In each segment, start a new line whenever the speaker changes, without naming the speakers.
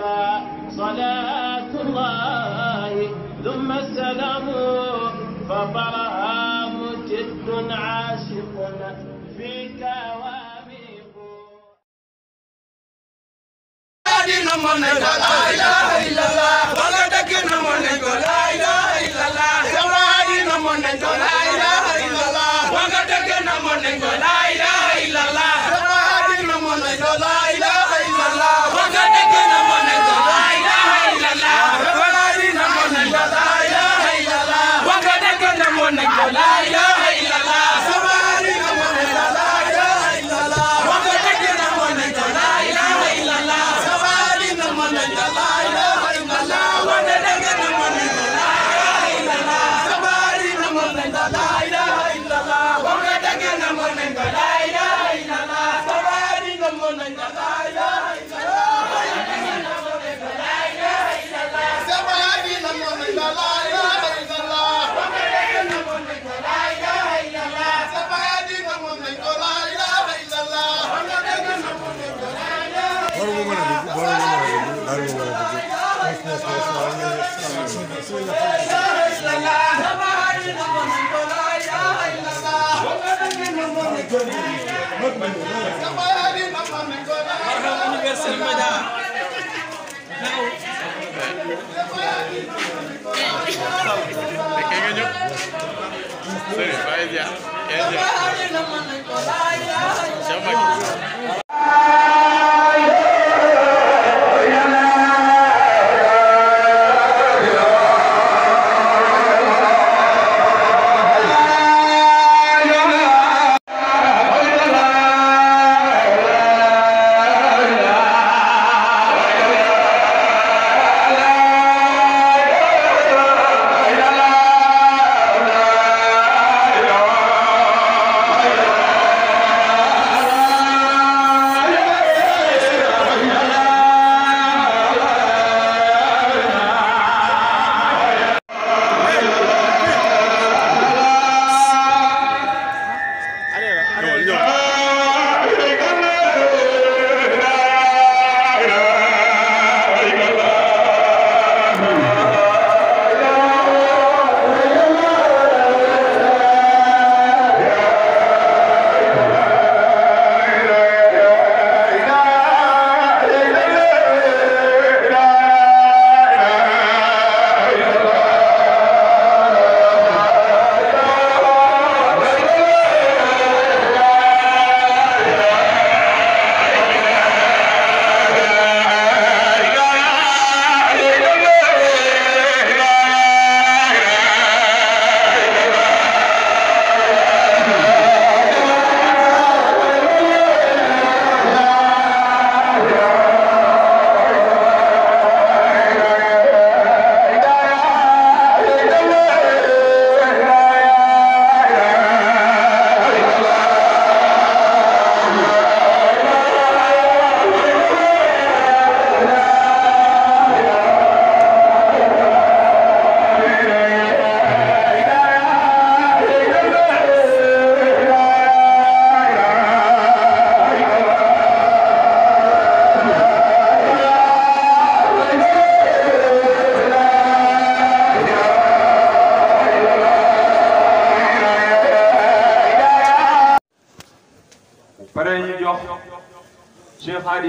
عليك صلاة الله ثم السلام فطرها مجد عاشق فيك
واميق
من لا إله إلا الله ولا تكن من لا إله إلا الله سواري من لا la Barham Universal Media. Now. Pequeño yo. Sí, vaya ya. Ya ya. Chao, Mike.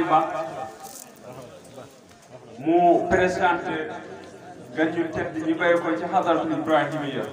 Mali Ba mu présenté gan ñu tedd ñu bàyyi ko ci xadaratu Ibrahimiya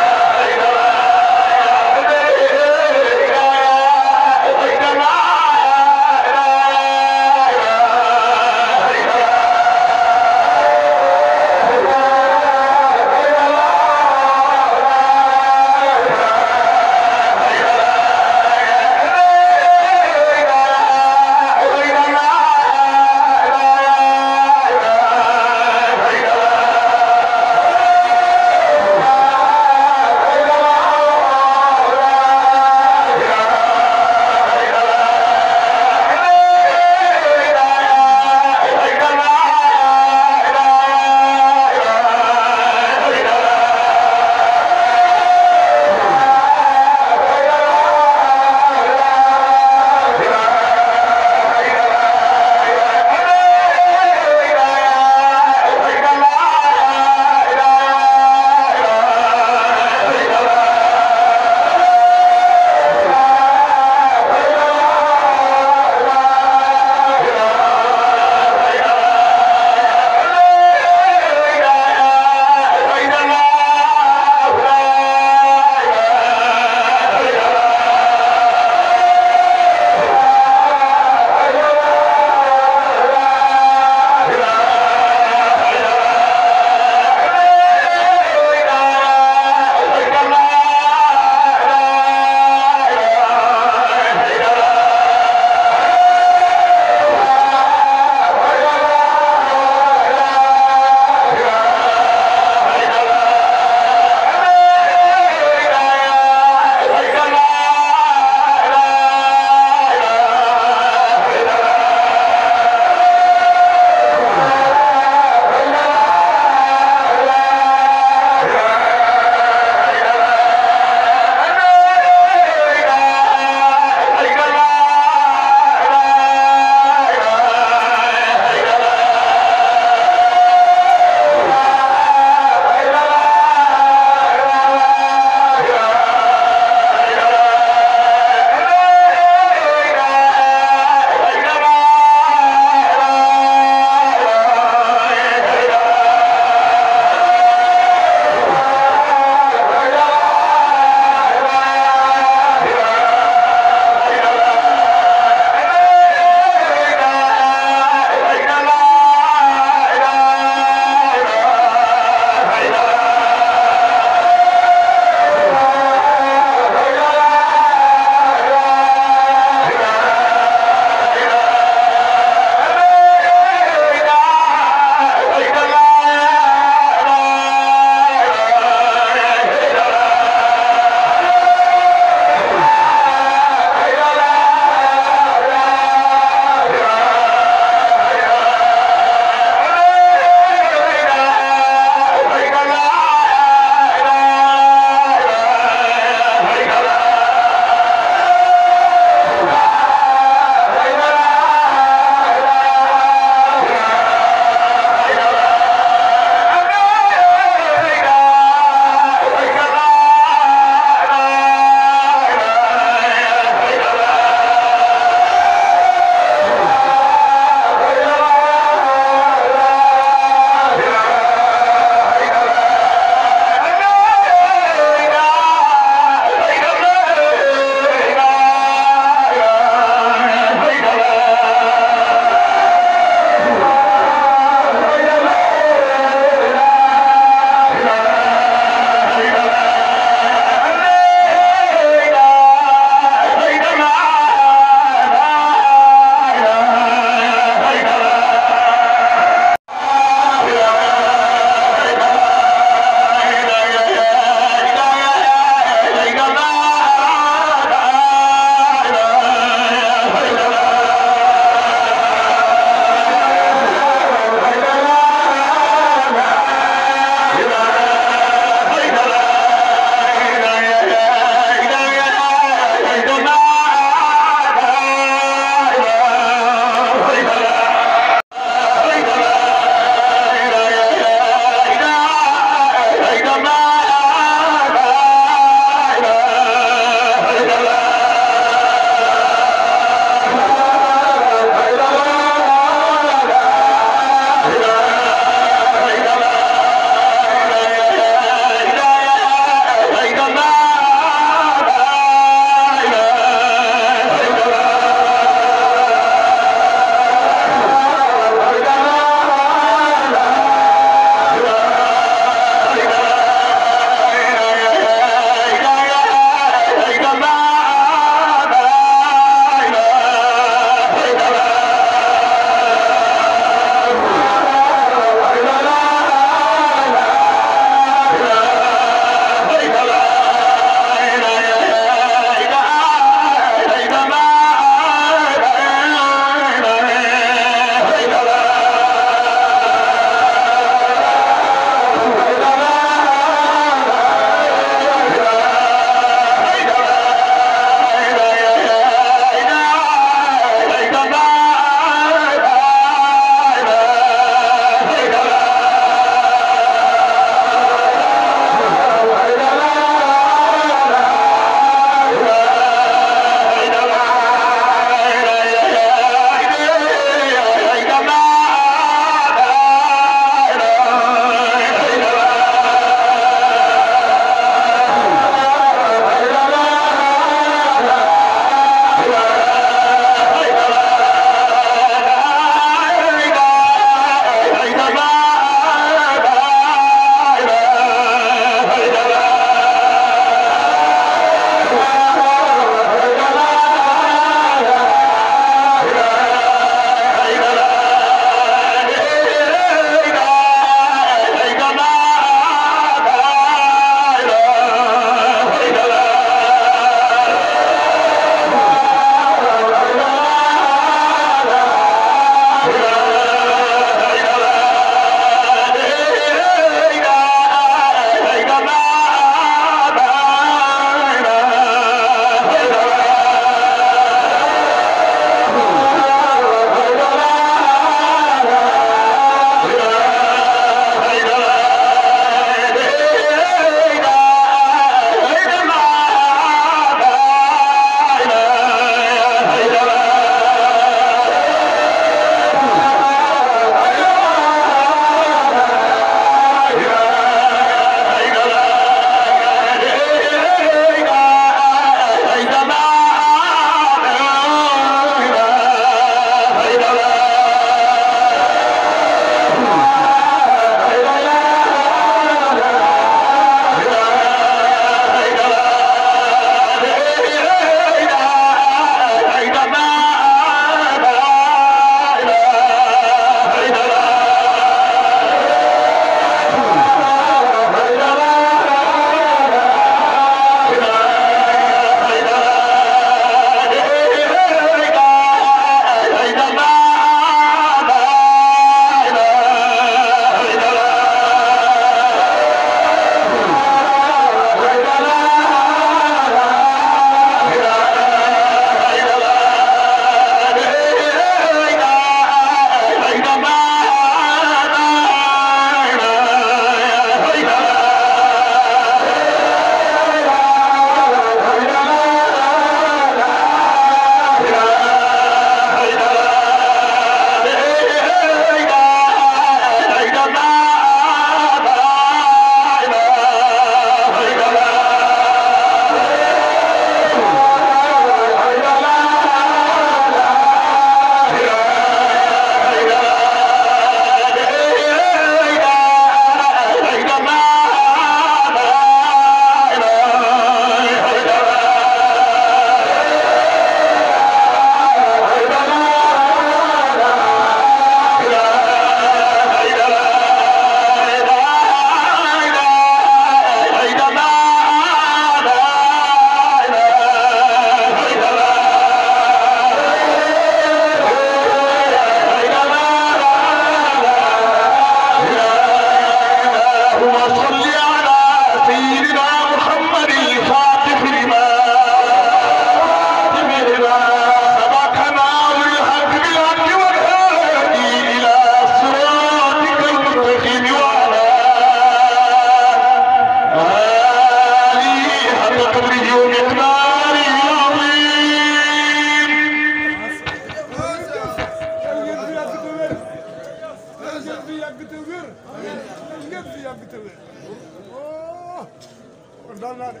man daal naa de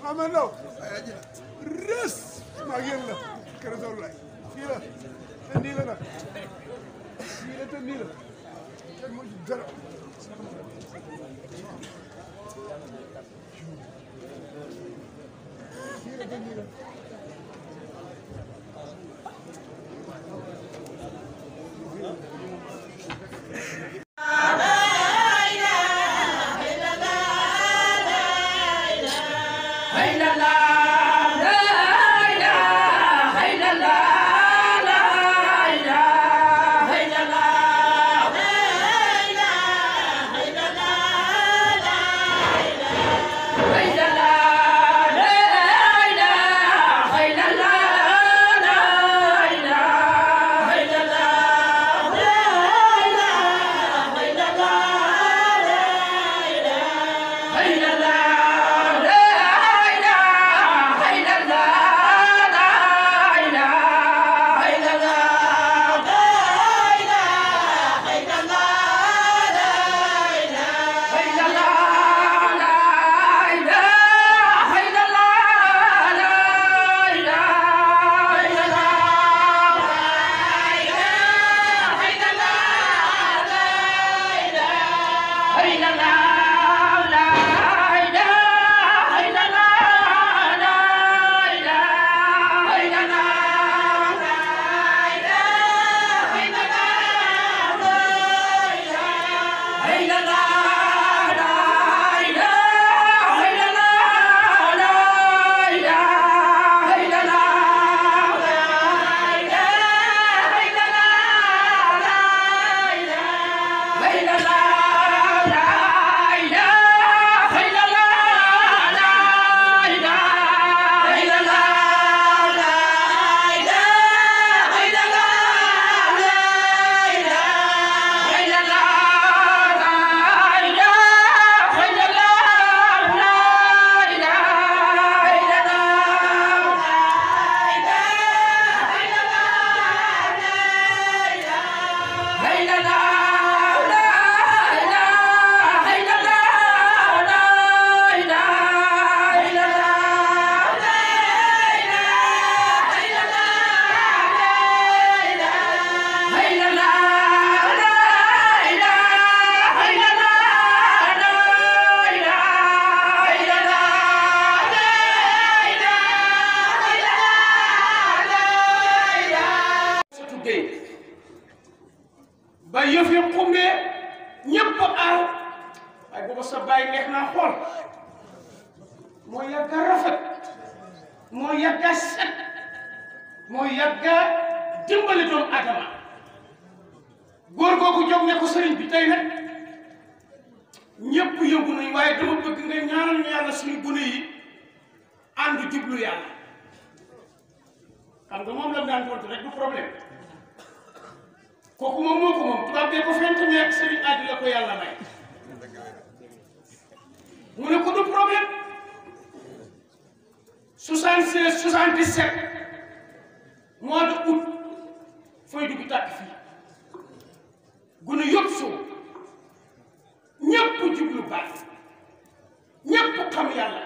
Mouhamed Ndao ayaji la res maa ngi la kër Sow lay fii la te nii la nag fii la te nii la kenn mu ci dara fii la te nii la ba yëf yëpp xumbee ñëpp aar waaye booba sa bàyyi neex naa xool moo yàgg a rafet moo yàgg set moo yàgg a doomu aadama góor googu jóg ne ko sëriñ bi tey nag ñëpp yëngu nañu waaye dama bëgg nga ñaanal ñu yàlla suñu gune yi ànd jublu yàlla xam moom la daan tontu rek du problème kooku moom moo ko moom tubaab bee ko fent mais ak sëriñ aadi la ko yàlla may mu ne ko du problème 76 77 mois de août fooy dugg tàkk fii gunu yëpp soo ñëpp jublu baax ñëpp xam yàlla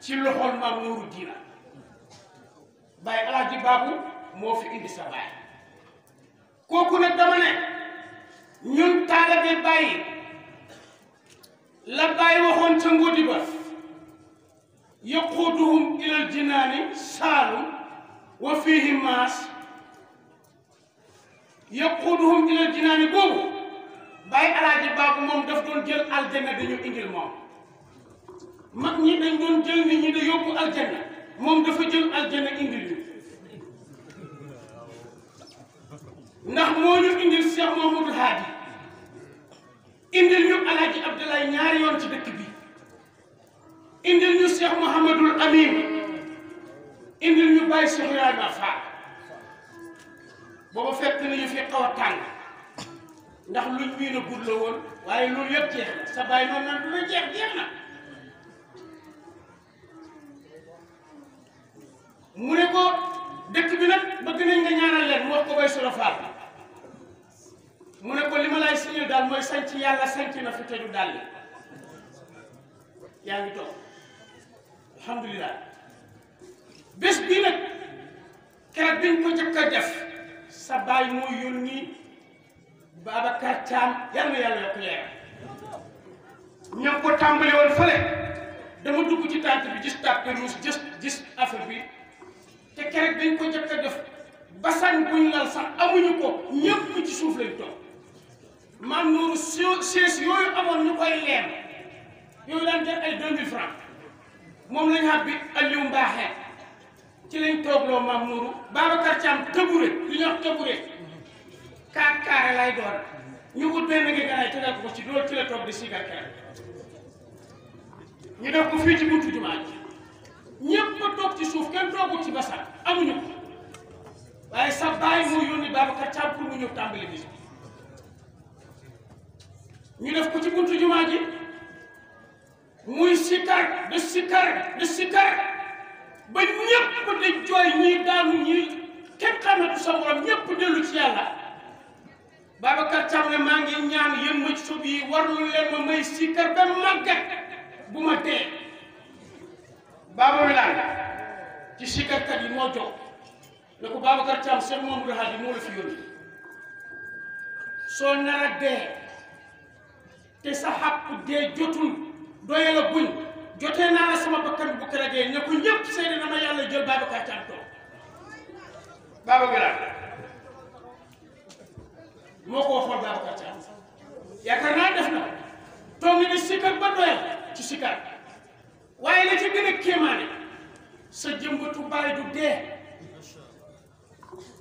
ci loxol maam Nuuru Diina bàyyi alaaji baabu moo fi indi sa baay kooku nag dama ne ñun taalibe bàyyi la bàyyi waxoon ca ngóodi ba yaquuduhum ilal jinaani saalum wa fiihi maas yaquuduhum ilal jinaani boobu bàyyi alaaji baabu moom daf doon jël aljanna dañu indil moom mag ñi dañ doon jël nit ñi da yóbbu aljanna moom dafa jël aljanna indil ndax moo ñu indil Cheikh Mouhamadou Hadi indil ñu Alaaji Abdoulaye ñaari yoon ci dëkk bi indil ñu Cheikh Mouhamadul Amin indil ñu Baye Cheikh Ibrahima Fall booba fekk nañu fi xaw a tàng ndax luñ mii na gudd la woon waaye loolu yëpp jeex na sa bàyyi noonu naan du la jeex jeex na mu ne ko dëkk bi nag bëgg nañ nga ñaanal leen mu wax ko Baye Sura Fall mu ne ko li ma lay signal daal mooy sanc yàlla sanc na fi teju daal li yaa ngi toog alhamdulilah bés bii nag keroog biñ ko njëkk a def sa baay moo yónni Babacar Thiam yal na yàlla yokk leer ña ko tàmbali woon fële dama dugg ci tànk bi gis tàkk ruus gis gis affaire bi te keroog biñ ko njëkk a def basan buñ lal sax amuñu ko ñëpp ci suuf lañ toog maam Nourou chaise yooyu amoon ñu koy leer yooyu daan jar ay 2000 francs moom lañ xàbbi Aliou Mbaaxee ci lañ toogloo maam Nourou Babacar Thiam tëbure li ñuy wax tëbure kaat lay doon ñu wut benn nga garaay tegal ko ci loolu ci la toog di sigal keneen ñu def ko fii ci buntu jumaa ji ñëpp a ci suuf kenn toogul ci basal amuñu ko waaye sa baay moo yónni Babacar Thiam pour mu ñëw tàmbali bis ñu def ko ci buntu jumaa ji muy sikar de sikar de sikar ba ñépp dañ jooy ñii daanu ñii kenn xamatu sa borom ñépp dellu ci yàlla Babacar Thiam ne maa ngi ñaan yéen ma sub yi warul leen ma may sikar ba màggat bu ma tee Baba Wilane ci sikarkat yi moo jox ne ko Babacar Thiam Cheikh Mamadou Hadi moo fi yónni soo nar dee te sa xàpp dee jotul doye la buñ jotee naa la sama bakkan bu keragee ne ko ñëpp seede na ma yàlla jël Babacar Thiam toog Baba Ngiraan moo ko waxoon Babacar Thiam yaakaar naa def na toog ni sikkar ba doyal ci sikkar waaye la ci gën a kéemaane sa jëmbatu bàyyi du dee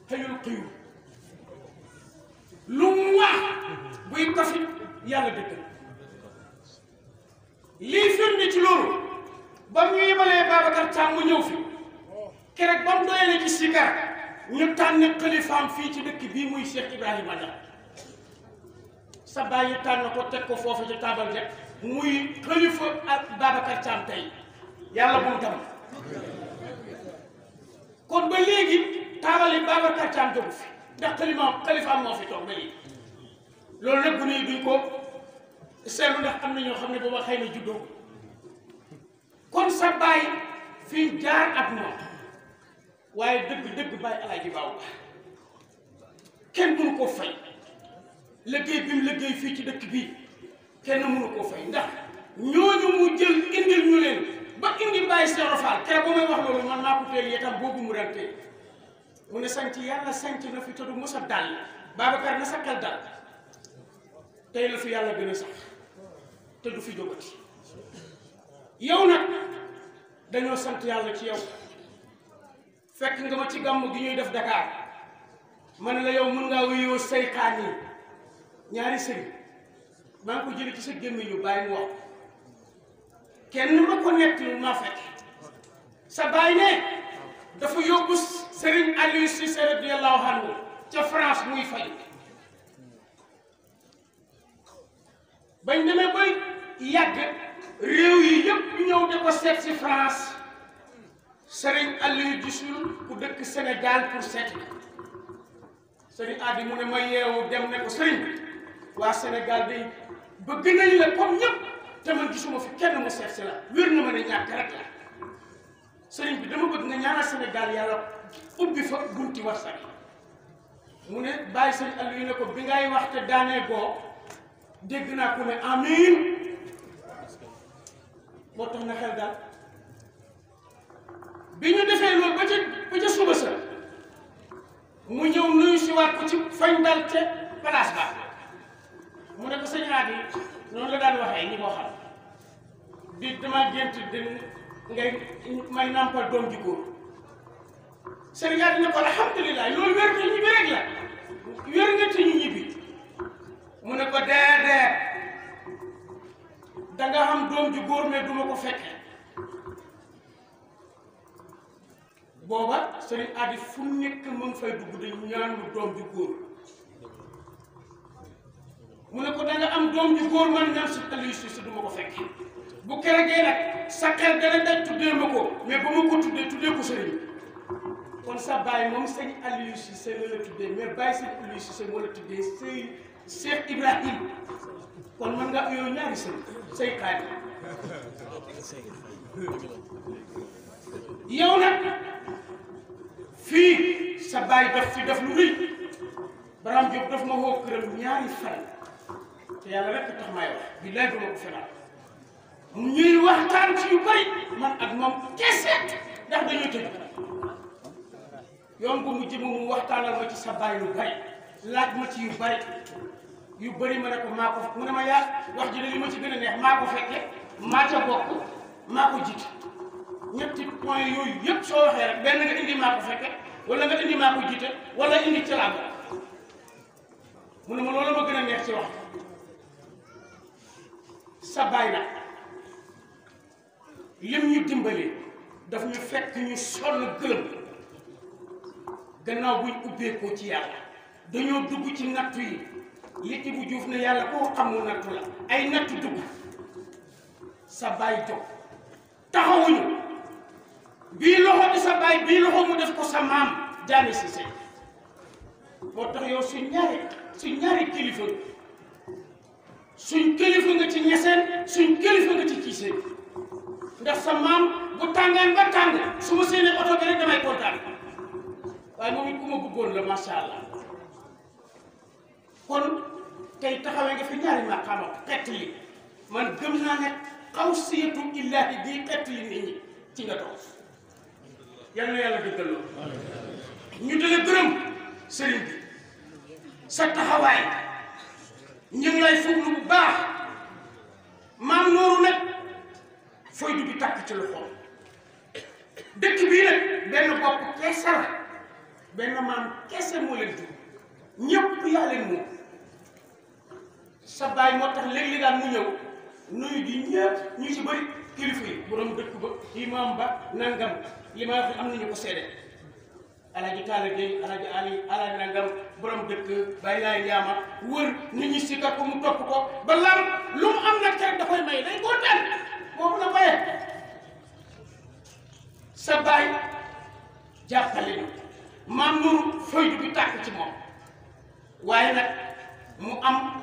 xëyul xëyul lu mu wax buy kafit yàlla dëggal lii firnde ci loolu ba mu ñu yebalee Babacar mu ñëw fi keroog ba mu doyalee ci sikar ñu tànn xalifaam fii ci dëkk bii muy Cheikh Ibrahima Niass sa baay yi tànn ko teg ko foofu ci taabal ja muy xalifa ak Babacar Thiam tey yàlla bu mu kon ba léegi taabal yi Babacar Thiam jógu fi ndax xalifaam moo fi toog ba loolu nag bu ne duñ ko seetlu ndax am na ñoo xam ne booba xëy na juddoo kon sa baay fi jaar ak moom waaye dëgg dëgg bàyyi alaaji baaw ba kenn mënu koo fay liggéey bi mu liggéey fii ci dëkk bii kenn mënu koo fay ndax ñooñu mu jël indi ñu leen ba indi bàyyi Seex Faal keroog ba may wax loolu man maa ko teel yetam boobu mu daan teel mu ne sanc yàlla sanc na fi te du mos a dal Babacar na sa xel dal tey la fi yàlla gën a sax te du fi jógati yow nag dañoo sant yàlla ci yow fekk nga ma ci gàmm gi ñuy def Dakar ma ne la yow mën ngaa wuyoo saytaan yi ñaari sëy maa ngi ko jële ci sa gémmiñ yu bàyyi mu wax kenn ma ko nekk lu ma fekk sa bàyyi ne dafa yóbbu Serigne Aliou Cissé radiyallahu anhu ca France muy fay bañ demee bay yàgg réew yi yëpp ñëw di ko seet si France Serigne Aliou gisul ku dëkk Sénégal pour seet Serigne Adi mu ne ma yeewu dem ne ko Serigne waa Sénégal day bëgg nañ la comme ñëpp te man gisuma fi kenn mu seet si la wér na ma ne ñàkk rek la Serigne bi dama bëgg nga ñaanal Sénégal yàlla ubbi fa bunti war sax mu ne bàyyi Serigne Aliou ne ko bi ngay wax te daanee goo dégg naa ku ne amiin moo tax na xel daal bi ñu defee loolu ba ca suba sa mu ñëw nuyu si waat ko ci fañ dal ca place ba mu ne ko sëñ noonu la daan waxee ñi ko xam di gént di ngay may nàmpal doom ji góor sëñ Hady ne ko alhamdulilah loolu wér na ñibbi rek la wér nga te ñibbi. mu ne ko déedéet da nga xam doom ju góor mais duma ko fekke booba sëriñ Adi fu nekk mu ngi fay dugg di ñaan lu doom ju góor mu ne ko da am doom ju góor man ñaan si tali si si duma ko fekke bu keregee nag sa xel dana daj tuddee ma ko mais ba ma ko tuddee tuddee ko sëriñ kon sa baay moom sëñ Aliou Cissé la la tuddee mais baay sëñ Aliou Cissé moo la tuddee sëy Cheikh Ibrahim kon mën nga uyoo ñaari sëriñ say xaaj yow nag fii sa baay daf fi def lu rëy Baram Diop daf ma woo këram ñaari fan te yàlla rek tax maay wax billaay duma ko fenaan ñuy waxtaan ci yu bari man ak moom kese ndax dañoo tëj yoon bu mujj mu waxtaanal ma ci sa baay lu bari laaj ma ci yu bari yu bari ma ne maa ko mu ne ma yaa wax ji li ma ci gën a neex maa ko fekke maa ca bokk maa ko jiite ñetti point yooyu yëpp soo waxee rek benn nga indi maa ko fekke mu ne ma loolu ma gën a neex ci wax sa baay la ñu fekk ñu sonn gërëm gannaaw buñ ubbeekoo ci yàlla dañoo dugg ci nattu yi yitti bu juuf ne yàlla koo xam mu nattu la ay nattu dugg sa baay jóg taxawuñu bii loxo di sa baay bii loxo mu def ko sa maam jaani si sey moo tax yow suñ ñaari suñ ñaari kilifa suñ kilifa nga ci ñeseen suñ kilifa nga ci kiiseen ndax sa maam bu tàngaan ba tàng su ma seenee oto bi damay kontaan waaye moom it ku ma bëggoon la macha allah. kon tey taxawee nga fi ñaari maqaama xett li man gëm naa ne xaw siyatu illaahi bii xett li nit ñi ci nga toog yal yàlla dëggal loolu ñu dala gërëm sëriñ bi sa taxawaay ñu ngi lay fuglu bu baax maam nooru nag fooy du bi tàkk ci loxoom dëkk bii nag benn bopp keesara benn maam keese moo leen jur ñëpp yaa moom sa baay moo tax léeg-léeg daal mu ñëw nuyu di ñëpp ñu ci bëri kilifa yi borom dëkk ba imam ba nangam li ma wax am nañu ko seede alaji Talla Gueye alaji Ali alaji nangam borom dëkk bàyyi laay yaama wër nit ñi si ko mu topp ko ba lan lu mu am nag rek da koy may day kontaan boobu ci moom waaye nag mu am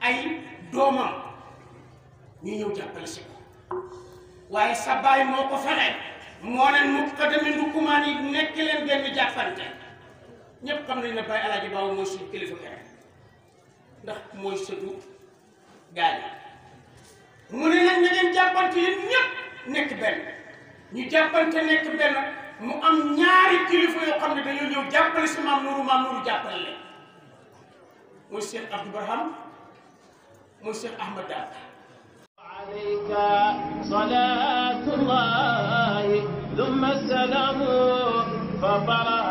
ay doomam ñu ñëw jàppale si ko waaye sa baay moo ko fexe moo leen mu ko ndukkumaan yi nekk leen benn jàppante ne Baye kilifa nekk benn ñu jàppante nekk benn mu am ñaari kilifa yoo xam ne dañoo ñëw jàppale si maam Nourou maam Nourou jàppale leen mooy Cheikh Abdou muy Cheikh Ahmad Daal alayka salaatullahi thumma salaamu fa